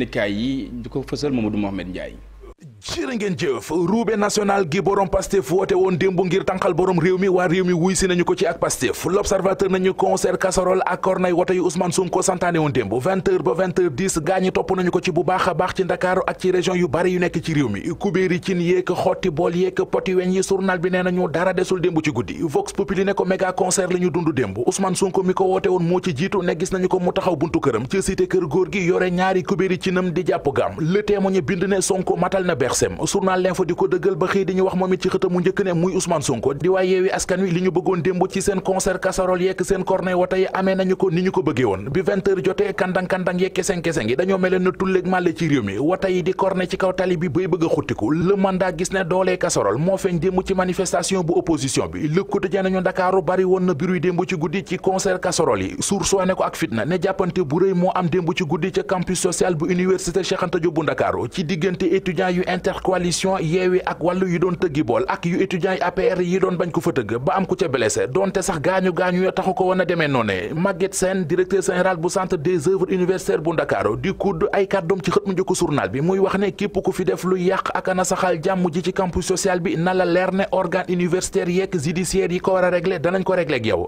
nikaay yi du ko fësal Mamadou Mohamed Ndiaye jërë ngeen jëf roube national gi borom pastef woote woon démbu ngir tànqal borom réew mi waa réew mi wuy nañu ko ci ak pastef l'observateur nañu concert casserole ak cornay wote yu Ousmane Sonko santaane woon démb 20 heures ba gaañi topp nañu ko ci bu baax a baax ci ndakaaru ak ci région yu bari yu nekk ci réew mi kubéeri cin yéeg xotti bool yéeg poti weñ yi journal bi nee nañu dara desul démb ci guddi vox populi ne ko méga concert la ñu dund démb Ousmane Sonko mi ko woote woon moo ci jiitu ne gis nañu ko mu taxaw buntu këram ci cité kër góor gi yore ñaari kubéeri cinam di jàpp gaam matal na beex IRSEM journal l'info di ko dëggal ba xëy di ñu wax moom ci xëtam njëkk ne muy Ousmane Sonko di waay yeewi askan wi li ñu bëggoon démb ci seen concert casserole yi amee ne ko ak fitna ne jàppante bu rëy moo am démb ci guddi ca campus social bu université Cheikh Anta Ndakaaru ci diggante étudiant yu intercoalition yeewi ak wàllu yu doon tëggi bool ak yu étudiants yi APR yi doon bañ ko fa tëgg ba am ku ca blessé donte sax gaañu gaañu ya taxu ko woon a noone Maguette Sène directeur général bu centre des œuvres universitaires bu Ndakaaru di kudd ay kàddoom ci xët mu njëkk bi muy wax ne képp ku fi def lu yàq ak ana jàmm ji ci campus social bi na la leer ne organe universitaire yeeg judiciaire yi ko war a danañ ko régler ak yow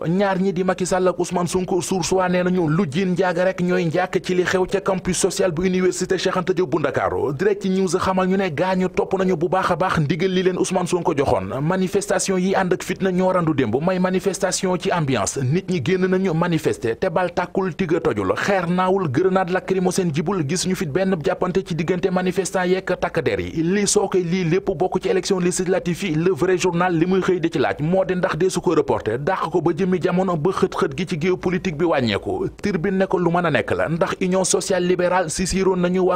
gaañu topp nañu bu baax a baax ndigal li leen Ousmane Sonko joxoon manifestation yi ànd ak fitna ñoo randu démb may manifestation ci ambiance nit ñi génn nañu manifester te bal tàkkul tigga tojul xeer naawul grenade lacrymogène jibul gis ñu fit benn jàppante ci diggante manifestant yeeg takk der yi lii soo koy lii lépp bokk ci élection législative yi le journal li muy xëy di ci laaj moo di ndax dee su ko reporté dàq ko ba jëmi jamono ba xët gi ci géopolitique bi wàññeeku tribune ne ko lu mën a la ndax union sociale libérale si siiroon nañu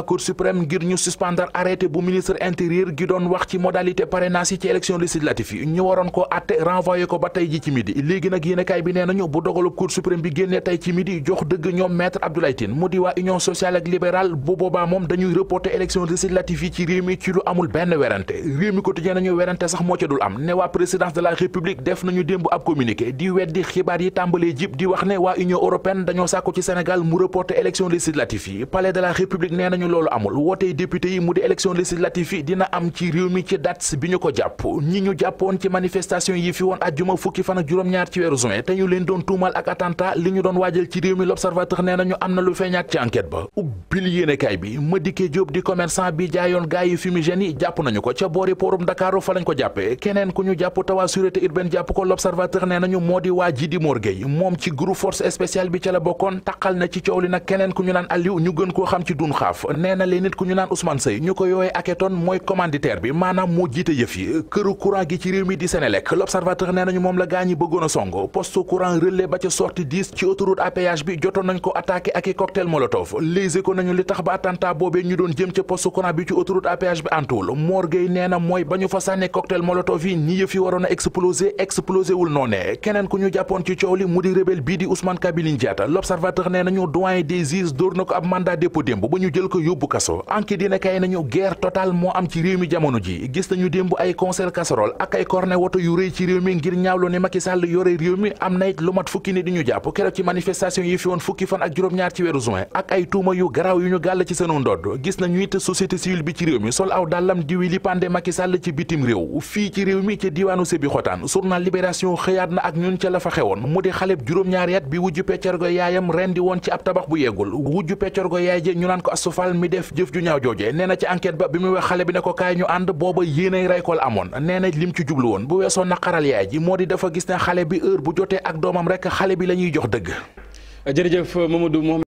ministre mu di waa union sociale ak bu boobaa moom dañuy reporter élection législative yi ci réew mi ci lu amul benn werante réew mi quotidien nañu werante sax moo ca am ne waa présidence de la république def nañu démb ab communiqué di weddi xibaar yi tàmbalee jib di wax ne waa union européenne dañoo sàkku ci Sénégal mu reporter élection législative yi palais de la république nee nañu loolu amul wootee député yi mu di élection législative rectificatif dina am ci réew mi ci date bi ñu ko jàpp ñi ñu jàppoon ci manifestation yi fi woon ajjuma fukki fan juróom-ñaar ci weeru juin te ñu leen doon tuumal ak attentat li ñu doon waajal ci réew mi l'observateur nee na ñu am na lu feeñaat ci enquête ba ubbil yéenekaay bi Madické Diop di commerçant bi jaayoon gaa yi fumigène yi jàpp nañu ko ca boori poorum Dakar fa lañ ko jàppee keneen ku ñu jàpp te waa sûreté urbaine jàpp ko l'observateur nee na ñu yoon mooy commanditaire bi maanaam moo jiite yëf yi këru courant gi ci réew mi di Sénélec l'observateur nee nañu moom la gaañi bëggoon song poste courant relais ba ca sortie 10 ci autoroute à bi jotoon nañ ko attaqué ak cocktail molotov léegi ko nañu li tax ba attentat boobee ñu doon jëm ca poste courant bi ci autoroute à bi antuwul morgey nee na mooy ba ñu fa sànne cocktail molotov yi ñi yëf yi waroon a explosé explosé keneen ku ñu jàppoon ci coow moo am ci réew mi jamono ji gis nañu démb ay concert casserole ak ay corne woto yu rëy réew mi ngir ñaawlu ne Macky Sall yore réew mi am na lu mat fukki nit di ñu jàpp keroog ci manifestation yi fi woon fukki fan ak juróom-ñaar ci weeru juin ak ay tuuma yu garaaw yu ñu gàll ci seenu ndodd gis nañu it société civile bi ci réew mi sol aw dàllam di pande Macky Sall ci bitim réew fii ci réew mi ca diiwaanu sébi xotaan journal Libération xëyaat mu di xaleb juróom-ñaari xale bi ne ko kaay ñu ànd booba yéenay raykool amoon nee na lim ci jublu woon bu weesoo naqaral yaay ji moo di dafa gis ne xale bi heure bu jotee ak doomam rek xale bi lañuy jox dëgg jërëjëf Mamadou moom